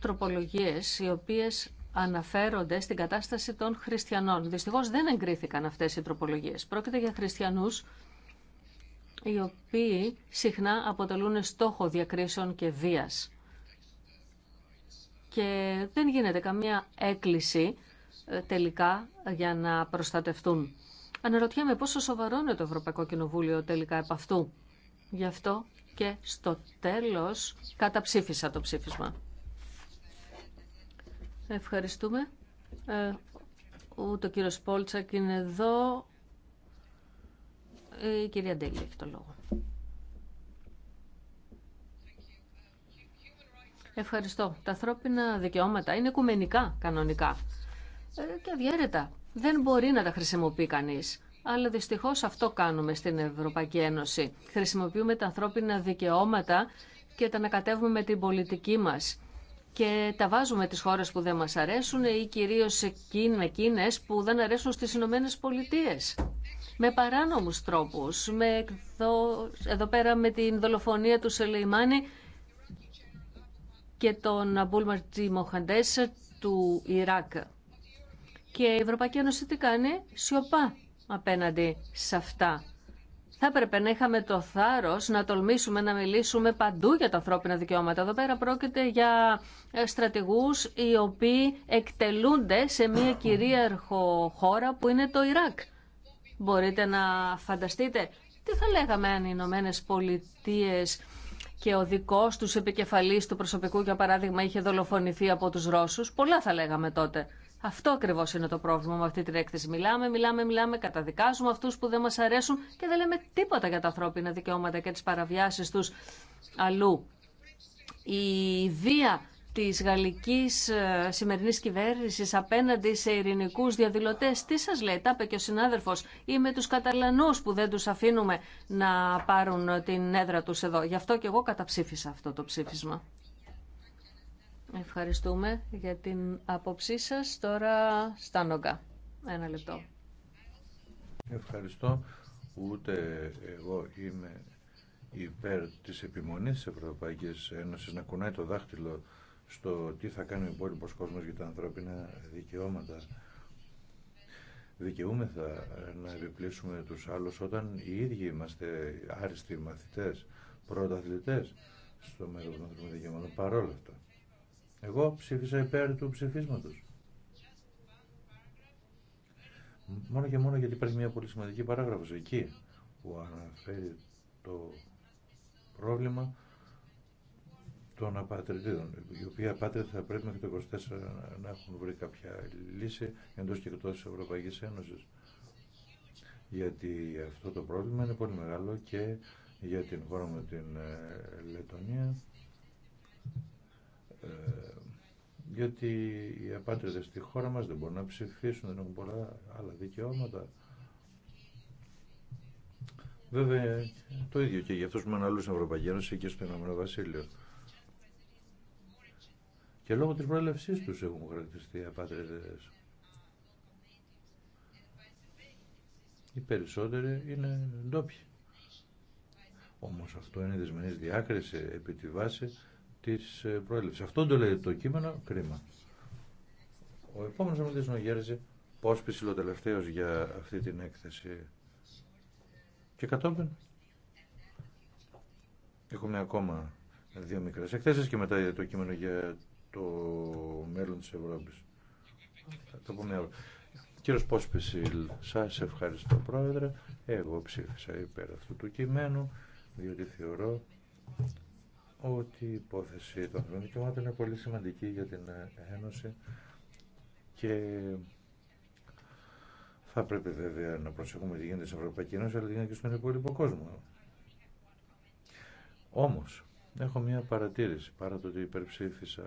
τροπολογίες οι οποίες αναφέρονται στην κατάσταση των χριστιανών. Δυστυχώς δεν εγκρίθηκαν αυτές οι τροπολογίες. Πρόκειται για χριστιανούς οι οποίοι συχνά αποτελούν στόχο διακρίσεων και βίας. Και δεν γίνεται καμία έκκληση ε, τελικά για να προστατευτούν. Αναρωτιέμαι πόσο σοβαρό είναι το Ευρωπαϊκό Κοινοβούλιο τελικά επ' αυτού. Γι' αυτό και στο τέλος καταψήφισα το ψήφισμα. Ευχαριστούμε. Ε, ούτε ο κύριο Πόλτσακ είναι εδώ. Ε, η κυρία Ντέλη έχει το λόγο. Ευχαριστώ. Τα ανθρώπινα δικαιώματα είναι οικουμενικά κανονικά ε, και αδιέρετα. Δεν μπορεί να τα χρησιμοποιεί κανείς. Αλλά δυστυχώς αυτό κάνουμε στην Ευρωπαϊκή Ένωση. Χρησιμοποιούμε τα ανθρώπινα δικαιώματα και τα ανακατεύουμε με την πολιτική μας και τα βάζουμε τις χώρες που δεν μας αρέσουν ή κυρίως εκείνες που δεν αρέσουν στις Ηνωμένε Πολιτείε. Με παράνομους τρόπους, με εδώ, εδώ πέρα με την δολοφονία του Σελεϊμάνη και τον Αμπούλ Μαρτζή Μοχαντές του Ιράκ. Και η Ευρωπαϊκή Ένωση τι κάνει, σιωπά απέναντι σε αυτά θα έπρεπε να είχαμε το θάρρο να τολμήσουμε να μιλήσουμε παντού για τα ανθρώπινα δικαιώματα. Εδώ πέρα πρόκειται για ε, στρατηγού οι οποίοι εκτελούνται σε μια κυρίαρχο χώρα που είναι το Ιράκ. Μπορείτε να φανταστείτε τι θα λέγαμε αν οι Ηνωμένε Πολιτείε και ο δικό του επικεφαλή του προσωπικού, για παράδειγμα, είχε δολοφονηθεί από του Ρώσου. Πολλά θα λέγαμε τότε. Αυτό ακριβώ είναι το πρόβλημα με αυτή την έκθεση. Μιλάμε, μιλάμε, μιλάμε, καταδικάζουμε αυτού που δεν μα αρέσουν και δεν λέμε τίποτα για τα ανθρώπινα δικαιώματα και τι παραβιάσει του αλλού. Η βία της γαλλικής ε, σημερινή κυβέρνηση απέναντι σε ειρηνικού διαδηλωτέ, Τι σα λέει, τα είπε και ο συνάδελφο ή με τους Καταλανού που δεν του αφήνουμε να πάρουν την έδρα του εδώ. Γι' αυτό και εγώ καταψήφισα αυτό το ψήφισμα. Ευχαριστούμε για την άποψή σας. Τώρα στα νογκα. Ένα λεπτό. Ευχαριστώ. Ούτε εγώ είμαι υπέρ της επιμονής της Ευρωπαϊκής Ένωσης να κουνάει το δάχτυλο στο τι θα κάνει ο υπόλοιπος κόσμος για τα ανθρώπινα δικαιώματα. Δικαιούμεθα να επιπλήσουμε τους άλλους όταν οι ίδιοι είμαστε άριστοι μαθητές, πρωταθλητές στο μέλλον των ανθρώπινων δικαιωμάτων. Παρόλα αυτά, εγώ ψήφισα υπέρ του ψηφίσματο. Μόνο και μόνο γιατί υπάρχει μια πολύ σημαντική παράγραφος εκεί που αναφέρει το πρόβλημα των απατριτήτων, οι οποίοι απάτρε θα πρέπει μέχρι το 24 να έχουν βρει κάποια λύση εντός και εκτό της Ευρωπαϊκής Ένωσης. Γιατί αυτό το πρόβλημα είναι πολύ μεγάλο και για την χώρα με την ε, Λετωνία. Ε, γιατί οι απάτριδες στη χώρα μας δεν μπορούν να ψηφίσουν, δεν έχουν πολλά άλλα δικαιώματα. Βέβαια, το ίδιο και για αυτούς που με άλλους στην Ευρωπαϊκή Ένωση και στο Ηνωμένο Βασίλειο. Και λόγω της προέλευσής τους έχουν χαρακτηριστεί απάτριδες. Οι περισσότεροι είναι ντόπιοι. Όμως αυτό είναι δυσμενής διάκριση επί τη βάση της ε, προέλευσης. Αυτό το λέει το κείμενο, κρίμα. Ο επόμενος ομιλητής είναι ο Γέρζη τελευταίος για αυτή την έκθεση. Και κατόπιν έχουμε ακόμα δύο μικρές εκθέσεις και μετά το κείμενο για το μέλλον της Ευρώπης. Θα το πούμε αύριο. Κύριος Πόσπισιλ, σας ευχαριστώ πρόεδρε. Εγώ ψήφισα υπέρ αυτού του κειμένου, διότι θεωρώ ότι η υπόθεση των το δικαιωμάτων είναι πολύ σημαντική για την ε, Ένωση και θα πρέπει βέβαια να προσέχουμε τι γίνεται στην Ευρωπαϊκή Ένωση, αλλά γίνεται και στον υπόλοιπο κόσμο. Όμως, έχω μια παρατήρηση, παρά το ότι υπερψήφισα.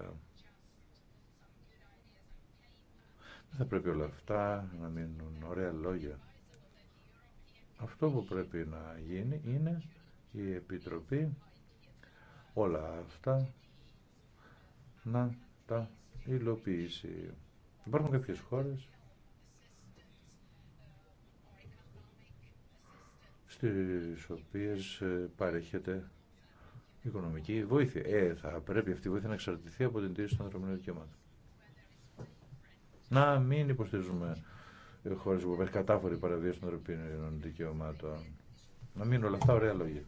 Δεν θα πρέπει όλα αυτά να μείνουν ωραία λόγια. Αυτό που πρέπει να γίνει είναι η Επιτροπή όλα αυτά να τα υλοποιήσει. Υπάρχουν κάποιε χώρε στις οποίες ε, παρέχεται οικονομική βοήθεια. Ε, θα πρέπει αυτή η βοήθεια να εξαρτηθεί από την τήρηση των ανθρωπινών δικαιωμάτων. Να μην υποστηρίζουμε ε, χώρες που έχουν κατάφορη παραβίαση των ανθρωπίνων δικαιωμάτων. Να μείνουν όλα αυτά ωραία λόγια.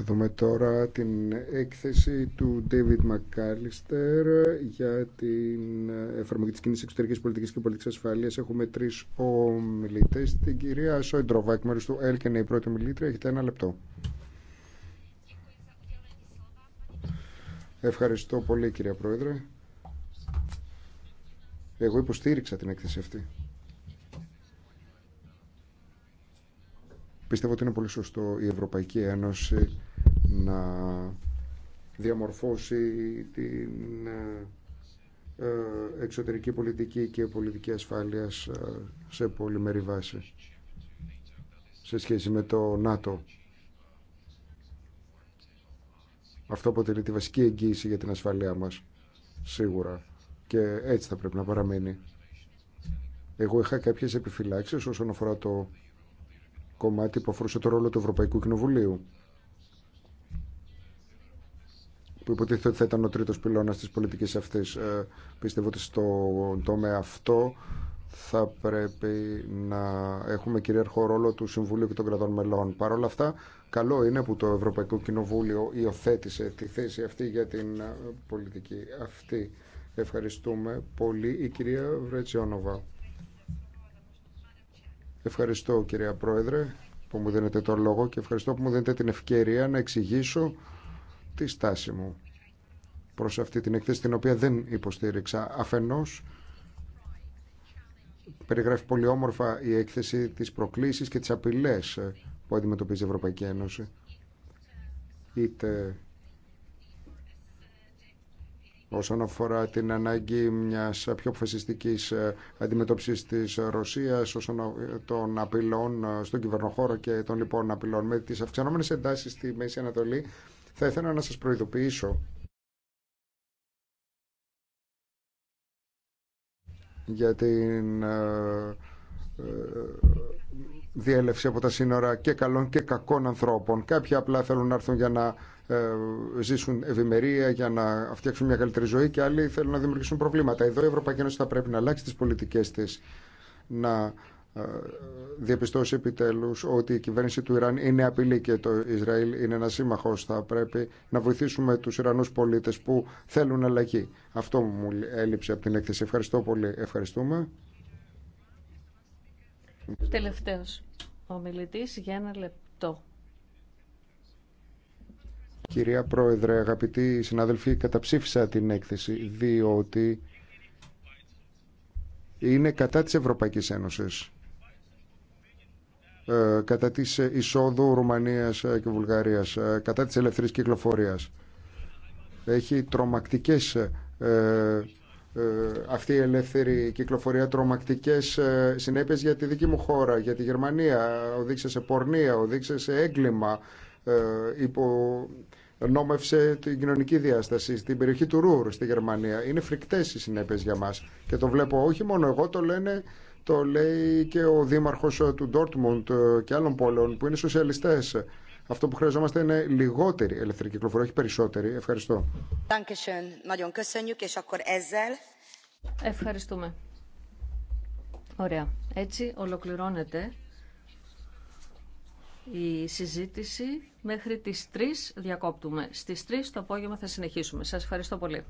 Θα δούμε τώρα την έκθεση του David McAllister για την εφαρμογή της κοινής εξωτερικής πολιτικής και πολιτικής ασφαλείας. Έχουμε τρεις ομιλητές. Την κυρία Σόιντροβα, εκ μέρους του ΕΛΚ, η πρώτη ομιλήτρια. Έχετε ένα λεπτό. Ευχαριστώ πολύ κυρία Πρόεδρε. Εγώ υποστήριξα την έκθεση αυτή. Πιστεύω ότι είναι πολύ σωστό η Ευρωπαϊκή Ένωση να διαμορφώσει την ε, ε, εξωτερική πολιτική και πολιτική ασφάλειας ε, σε πολυμερή βάση σε σχέση με το ΝΑΤΟ. Αυτό αποτελεί τη βασική εγγύηση για την ασφαλεία μας, σίγουρα. Και έτσι θα πρέπει να παραμείνει. Εγώ είχα κάποιες επιφυλάξεις όσον αφορά το κομμάτι που αφορούσε το ρόλο του Ευρωπαϊκού Κοινοβουλίου. που υποτίθεται ότι θα ήταν ο τρίτος πυλώνας της πολιτικής αυτής. Ε, πιστεύω ότι στο τομέα αυτό θα πρέπει να έχουμε κυρίαρχο ρόλο του Συμβουλίου και των κρατών μελών. Παρ' όλα αυτά, καλό είναι που το Ευρωπαϊκό Κοινοβούλιο υιοθέτησε τη θέση αυτή για την ε, πολιτική αυτή. Ευχαριστούμε πολύ. Η κυρία Βρετσιόνοβα. Ευχαριστώ κυρία Πρόεδρε που μου δίνετε το λόγο και ευχαριστώ που μου δίνετε την ευκαιρία να εξηγήσω τη στάση μου προς αυτή την εκθέση την οποία δεν υποστήριξα. Αφενός περιγράφει πολύ όμορφα η έκθεση της προκλήσεις και τις απειλές που αντιμετωπίζει η Ευρωπαϊκή Ένωση. Είτε όσον αφορά την ανάγκη μιας πιο αποφασιστικής αντιμετώπισης της Ρωσίας, όσον των απειλών στον κυβερνοχώρο και των λοιπόν απειλών με τις αυξανόμενες εντάσεις στη Μέση Ανατολή, θα ήθελα να σας προειδοποιήσω για την ε, ε, διέλευση από τα σύνορα και καλών και κακών ανθρώπων. Κάποιοι απλά θέλουν να έρθουν για να ε, ζήσουν ευημερία, για να φτιάξουν μια καλύτερη ζωή και άλλοι θέλουν να δημιουργήσουν προβλήματα. Εδώ η Ευρωπαϊκή Ένωση θα πρέπει να αλλάξει τις πολιτικές της, να ε, διαπιστώσει επιτέλους ότι η κυβέρνηση του Ιράν είναι απειλή και το Ισραήλ είναι ένα σύμμαχος. Θα πρέπει να βοηθήσουμε τους Ιρανούς πολίτες που θέλουν αλλαγή. Αυτό μου έλειψε από την έκθεση. Ευχαριστώ πολύ. Ευχαριστούμε. Τελευταίος ομιλητής για ένα λεπτό. Κυρία Πρόεδρε, αγαπητοί συναδελφοί, καταψήφισα την έκθεση διότι είναι κατά της Ευρωπαϊκής Ένωσης ε, κατά της εισόδου Ρουμανίας και Βουλγαρίας, ε, κατά της ελεύθερης κυκλοφορίας. Έχει τρομακτικές ε, αυτή η ελεύθερη κυκλοφορία τρομακτικές συνέπειες για τη δική μου χώρα, για τη Γερμανία. Οδήγησε σε πορνεία, οδήγησε σε έγκλημα, υπο... νόμευσε την κοινωνική διάσταση στην περιοχή του Ρούρ στη Γερμανία. Είναι φρικτές οι συνέπειες για μας και το βλέπω όχι μόνο εγώ, το λένε το λέει και ο δήμαρχος ε, του Ντόρτμουντ ε, και άλλων πόλεων που είναι σοσιαλιστές. Αυτό που χρειαζόμαστε είναι λιγότερη ελεύθερη κυκλοφορία, όχι περισσότερη. Ευχαριστώ. Ευχαριστούμε. Ωραία. Έτσι ολοκληρώνεται η συζήτηση μέχρι τις 3 διακόπτουμε. Στις 3 το απόγευμα θα συνεχίσουμε. Σας ευχαριστώ πολύ.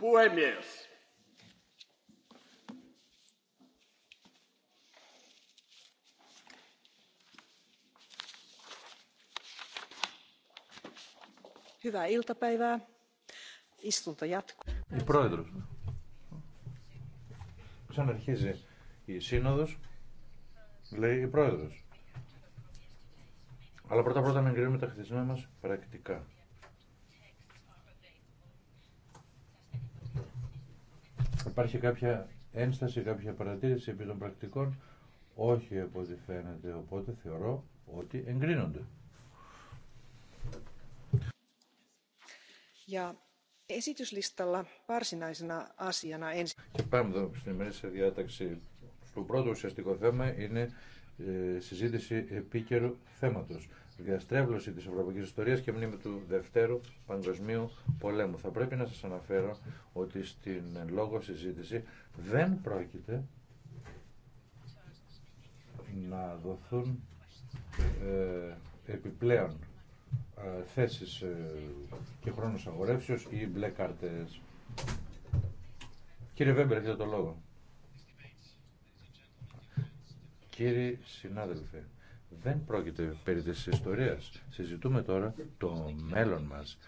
puhemies Hyvää iltapäivää. Istunto jatkuu. Η πρόεδρος. Ξαναρχίζει η σύνοδος, λέει η πρόεδρος. Αλλά πρώτα πρώτα να εγκρίνουμε τα χθεσινά μας πρακτικά. Υπάρχει κάποια ένσταση, κάποια παρατήρηση επί των πρακτικών. Όχι από ό,τι φαίνεται, οπότε θεωρώ ότι εγκρίνονται. Και πάμε εδώ στην ημερήσια διάταξη. Το πρώτο ουσιαστικό θέμα είναι ε, συζήτηση επίκαιρου θέματος διαστρέβλωση της ευρωπαϊκής ιστορίας και μνήμη του Δευτέρου Παγκοσμίου Πολέμου. Θα πρέπει να σας αναφέρω ότι στην λόγο συζήτηση δεν πρόκειται να δοθούν ε, επιπλέον ε, θέσεις ε, και χρόνους αγορεύσεως ή μπλε κάρτες. Κύριε Βέμπερ, έχετε το λόγο. Κύριοι συνάδελφοι, δεν πρόκειται περί της ιστορίας. Συζητούμε τώρα το μέλλον μας,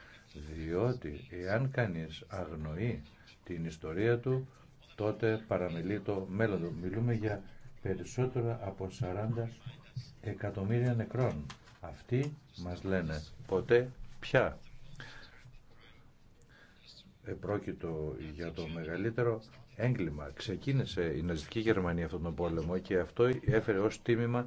διότι εάν κανείς αγνοεί την ιστορία του, τότε παραμελεί το μέλλον του. Μιλούμε για περισσότερα από 40 εκατομμύρια νεκρών. Αυτοί μας λένε ποτέ πια. Επρόκειτο για το μεγαλύτερο έγκλημα. Ξεκίνησε η ναζιστική Γερμανία αυτόν τον πόλεμο και αυτό έφερε ως τίμημα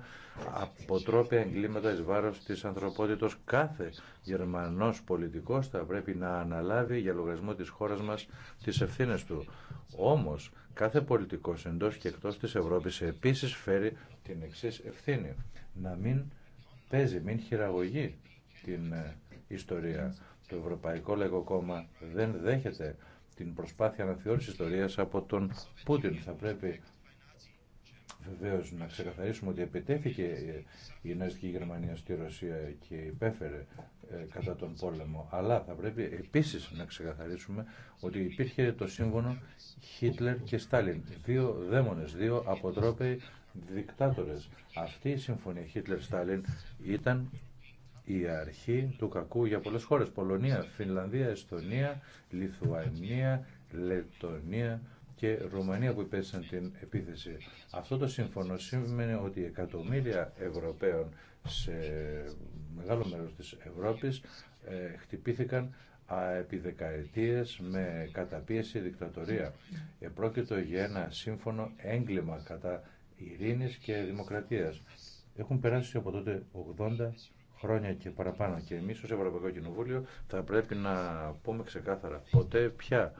αποτρόπια εγκλήματα εις βάρος της ανθρωπότητος. Κάθε Γερμανός πολιτικός θα πρέπει να αναλάβει για λογαριασμό της χώρας μας τις ευθύνες του. Όμως κάθε πολιτικός εντός και εκτός της Ευρώπης επίσης φέρει την εξή ευθύνη. Να μην παίζει, μην χειραγωγεί την ε, ιστορία. Το Ευρωπαϊκό Λαϊκό Κόμμα δεν δέχεται την προσπάθεια αναθεώρησης ιστορίας από τον Πούτιν. Θα πρέπει βεβαίω να ξεκαθαρίσουμε ότι επιτέθηκε η Ναζική Γερμανία στη Ρωσία και υπέφερε ε, κατά τον πόλεμο. Αλλά θα πρέπει επίσης να ξεκαθαρίσουμε ότι υπήρχε το σύμφωνο Χίτλερ και Στάλιν. Δύο δαίμονες, δύο αποτρόπαιοι δικτάτορες. Αυτή η συμφωνία Χίτλερ-Στάλιν ήταν η αρχή του κακού για πολλές χώρες. Πολωνία, Φινλανδία, Εστονία, Λιθουανία, Λετωνία και Ρουμανία που υπέστησαν την επίθεση. Αυτό το σύμφωνο σήμαινε ότι εκατομμύρια Ευρωπαίων σε μεγάλο μέρος της Ευρώπης ε, χτυπήθηκαν επί δεκαετίες με καταπίεση δικτατορία. Επρόκειτο για ένα σύμφωνο έγκλημα κατά ειρήνης και δημοκρατίας. Έχουν περάσει από τότε 80 χρόνια και παραπάνω. Και εμείς ως Ευρωπαϊκό Κοινοβούλιο θα πρέπει να πούμε ξεκάθαρα ποτέ πια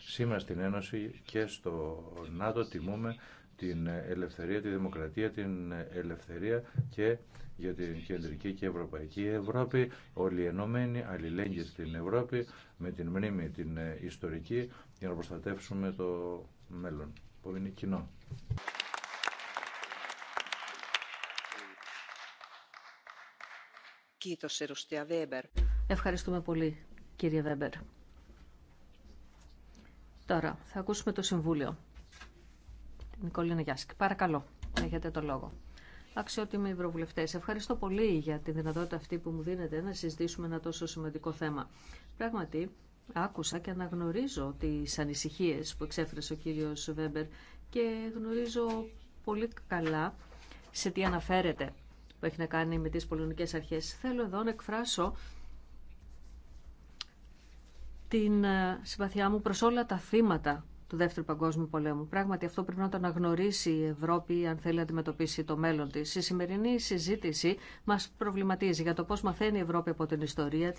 σήμερα στην Ένωση και στο ΝΑΤΟ τιμούμε την ελευθερία, τη δημοκρατία, την ελευθερία και για την κεντρική και ευρωπαϊκή Ευρώπη, όλοι ενωμένοι, αλληλέγγυοι στην Ευρώπη, με την μνήμη την ιστορική, για να προστατεύσουμε το μέλλον, που είναι κοινό. Ευχαριστούμε πολύ, κύριε Βέμπερ. Τώρα θα ακούσουμε το Συμβούλιο. Νικόλινα Γιάσκη, παρακαλώ, έχετε το λόγο. Αξιότιμοι Ευρωβουλευτέ, ευχαριστώ πολύ για τη δυνατότητα αυτή που μου δίνετε να συζητήσουμε ένα τόσο σημαντικό θέμα. Πράγματι, άκουσα και αναγνωρίζω τι ανησυχίε που εξέφρασε ο κύριο Βέμπερ και γνωρίζω πολύ καλά σε τι αναφέρεται που έχει να κάνει με τις πολωνικές αρχές. Θέλω εδώ να εκφράσω την ε, συμπαθιά μου προς όλα τα θύματα του Δεύτερου Παγκόσμιου Πολέμου. Πράγματι αυτό πρέπει να το αναγνωρίσει η Ευρώπη αν θέλει να αντιμετωπίσει το μέλλον της. Η σημερινή συζήτηση μας προβληματίζει για το πώς μαθαίνει η Ευρώπη από την ιστορία τη